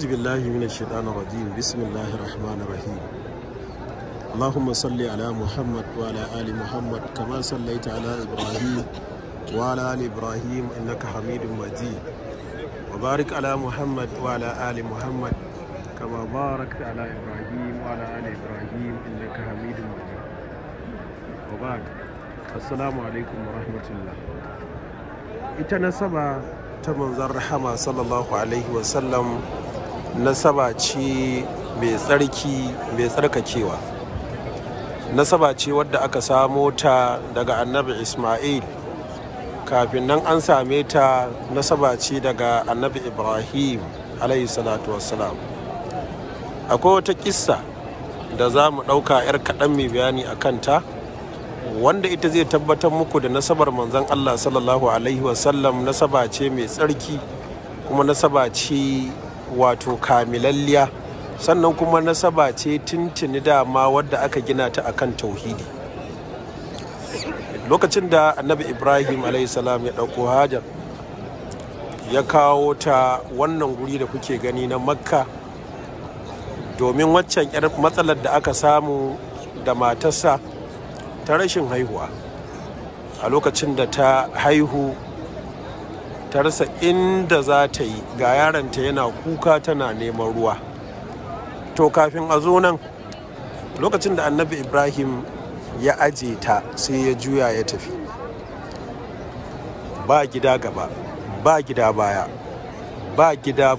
أعوذ بالله من الشيطان الرجيم بسم الله الرحمن الرحيم اللهم صل على محمد وعلى آل محمد كما صليت على إبراهيم وعلى آل إبراهيم إنك حميد مجيد وبارك على محمد وعلى آل محمد كما باركت على إبراهيم وعلى آل إبراهيم إنك حميد مجيد وبعد السلام عليكم ورحمة الله إتنا سبا ta manzan rahama sallallahu alaihi wasallam nasaba ce mai tsarki mai tsarkakewa nasaba ce wadda aka samo ta daga annabi ismail kafin nan an same ta nasaba ce daga annabi ibrahim alayhi salatu wassalam akwai wata kissa da za mu ɗauka 'yar kaɗan mai bayani a kanta wanda ita zai tabbatar muku da nasabar manzan allah sallallahu alaihi wasallam nasaba ce mai tsarki kuma nasaba ce wato kamilalliya sannan kuma nasaba ce tuntuni dama wadda aka gina ta akan tauhidi lokacin da annabi ibrahim salam ya ɗauko hajar ya kawo ta wannan guri da kuke gani na makka domin waccan 'yar matsalar da aka samu da matarsa ta rashin haihuwa a lokacin da ta haihu ta rasa inda za ta yi ga yaronta yana kuka tana neman ruwa to kafin a zo nan lokacin da annabi ibrahim ya aje ta sai ya juya ya tafi ba gida gaba ba gida baya ba gida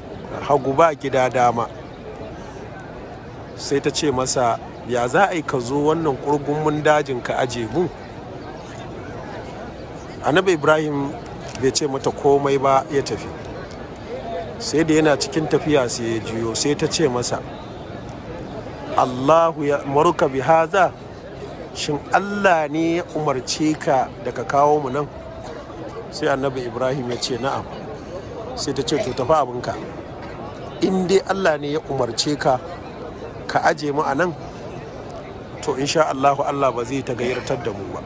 hagu ba gida dama sai ta ce masa ya za a yi ka zo wannan kurgun dajin ka aje mu annabi ibrahim bai ce mata komai ba ya tafi sai da yana cikin tafiya sai ya juyo sai ta ce masa allahu ya maruka bi haza shin allah ne ya umarce ka da ka kawo mu nan sai annabi ibrahim ya ce na'am sai ta ce to tafi abinka in dai allah ne ya umarce ka ka aje mu a nan to insha allahu allah ba zai ta gayyartar da mu ba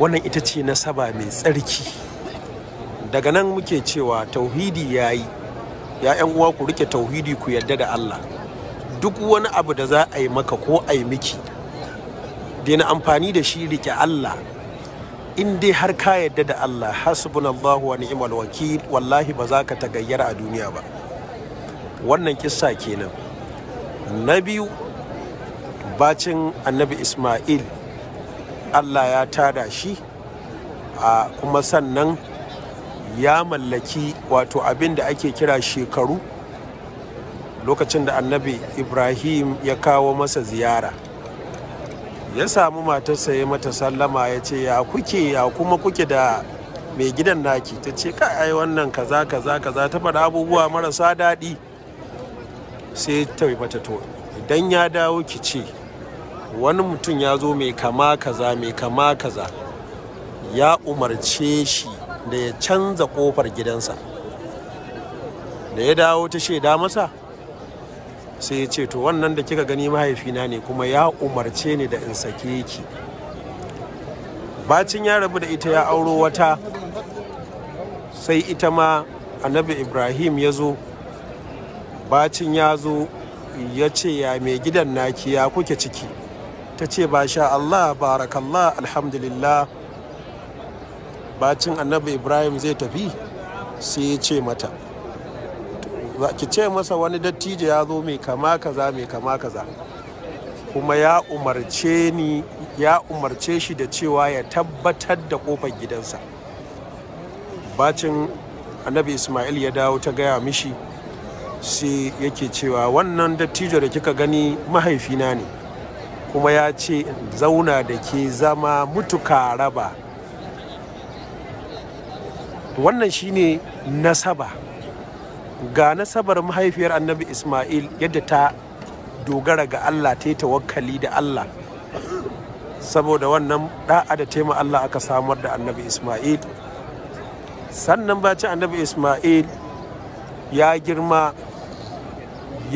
wannan ita ce nasaba mai tsarki daga nan muke cewa tauhidi ya yi ya 'yan uwa ku rike tauhidi ku yarda da allah duk wani abu da za a yi maka ko a yi miki na amfani da shi rike allah in dai har ka yarda da allah hasbunallahu wa ni'mal wakil wallahi ba za ka tagayyara a duniya ba wannan kissa kenan na biyu bacin annabi ismail allah ya tada shi a kuma sannan ya mallaki wato abin da ake kira shekaru lokacin da annabi ibrahim ya kawo masa ziyara ya samu matarsa ya mata sallama ya ce ya kuke ya kuma kuke da mai gidan naki ta ce ai wannan kaza kaza kaza ta faɗa abubuwa marasa daɗi sai ta mata to idan ya dawo ki ce wani mutum ya zo mai kama kaza mai kama kaza ya umarce shi da ya canza kofar gidansa da ya dawo ta shaida masa sai ya ce to wannan da kika gani mahaifina ne kuma ya umarce ni da in sake ki bacin ya rabu da ita ya auro wata sai ita ma annabi ibrahim ya zo bacin ya zo ya ce ya mai gidan naki ya kuke ciki ta ce ba sha Allah barakallah alhamdulillah bacin annabi ibrahim zai tafi sai ya ce mata ki ce masa wani dattijo ya zo mai kama kaza mai kama kaza kuma ya umarce ya umarce shi da cewa ya tabbatar da kofar gidansa bacin annabi ismail ya dawo ta gaya mishi sai yake cewa wannan dattijo da kika gani mahaifina ne kuma ya ce zauna da ke zama mutuka raba wannan shine nasaba ga nasabar mahaifiyar annabi ismail yadda ta dogara ga allah ta yi tawakkali da allah saboda wannan da'a da taima allah aka samar da annabi ismail sannan baci annabi ismail ya girma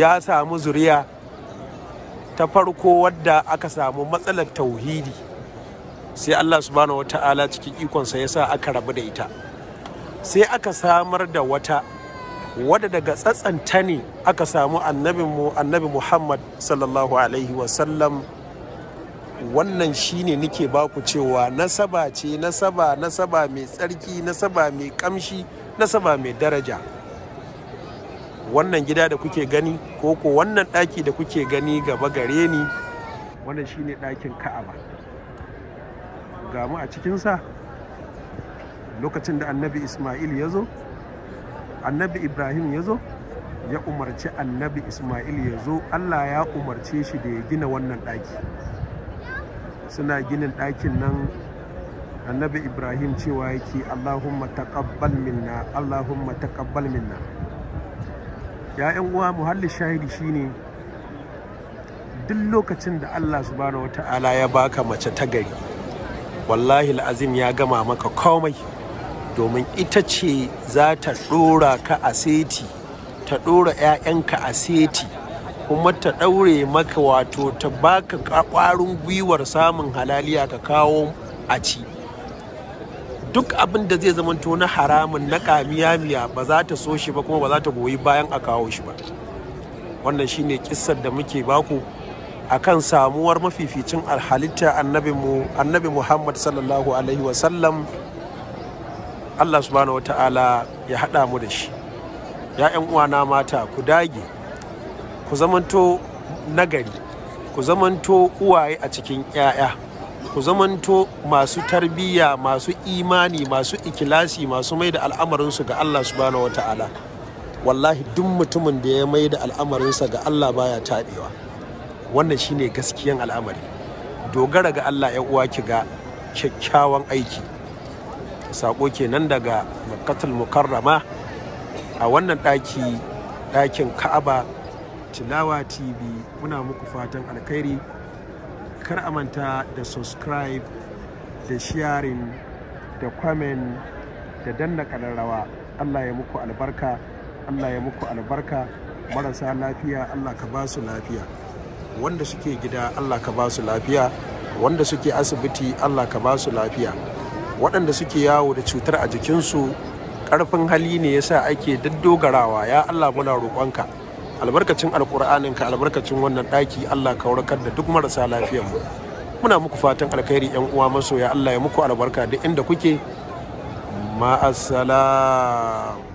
ya samu zuriya ta farko wadda aka samu matsalar tauhidi sai Allah subhanahu wata'ala cikin ikonsa ya sa aka rabu da ita sai aka samar da wata wadda daga tsatsanta ne aka samu annabinmu annabi muhammad sallallahu alaihi wasallam wannan shine nike baku cewa nasaba ce nasaba nasaba mai tsarki nasaba mai kamshi nasaba mai daraja wannan gida da kuke gani ko ko wannan ɗaki da kuke gani gaba gare ni wannan shine ɗakin ka'aba ga mu a cikinsa lokacin da annabi ismail ya zo annabi ibrahim ya zo ya umarci annabi ismail ya zo allah ya umarce shi da ya gina wannan ɗaki suna ginin ɗakin nan annabi ibrahim cewa yake allahumma taqabbal minna allahumma taqabbal minna ya yan uwa muhallin shahidi shine duk lokacin da Allah subhanahu wata'ala ya baka mace ta gari wallahi azim ya gama maka komai domin ita ce za ta ɗora ka a seti ta ɗora 'ya'yanka a seti kuma ta ɗaure maka wato ta baka ƙwarin gwiwar samun halaliya ka kawo a ci duk abin da zai zamanto na haramun na kamiya miya ba za ta so shi ba kuma ba za ta goyi bayan a kawo shi ba wannan shine kissar da muke baku A kan samuwar mafificin alhalitta annabi muhammad sallallahu alaihi wasallam allah subhanahu wata'ala ya haɗa mu da shi ya 'yan uwana mata ku dage ku zamanto nagari ku zamanto uwaye a cikin 'ya'ya ku zamanto masu tarbiyya masu imani masu ikilasi masu mai da al'amarinsu ga Allah subhanahu ta'ala wallahi duk mutumin da ya mai da al'amarinsa ga Allah baya taɓewa wannan shine gaskiyan al'amari dogara ga Allah ya uwa ki ga kyakkyawan aiki sako kenan daga makatul mukarrama a wannan ɗaki ɗakin ka'aba tilawa tv muna muku fatan alkhairi kar a manta da subscribe da sharing da comment da danna rawa, Allah ya muku albarka Allah ya muku albarka marasa lafiya Allah ka ba su lafiya wanda suke gida Allah ka ba su lafiya wanda suke asibiti Allah ka ba su lafiya waɗanda suke yawo da cutar a jikinsu ƙarfin hali ne yasa ake daddogarawa ya Allah muna roƙonka albarkacin alkur'anin ka albarkacin wannan daki Allah ka warkar da duk marasa lafiyar mu muna muku fatan alkhairi yan uwa masoya Allah ya muku albarka duk inda kuke ma'asalam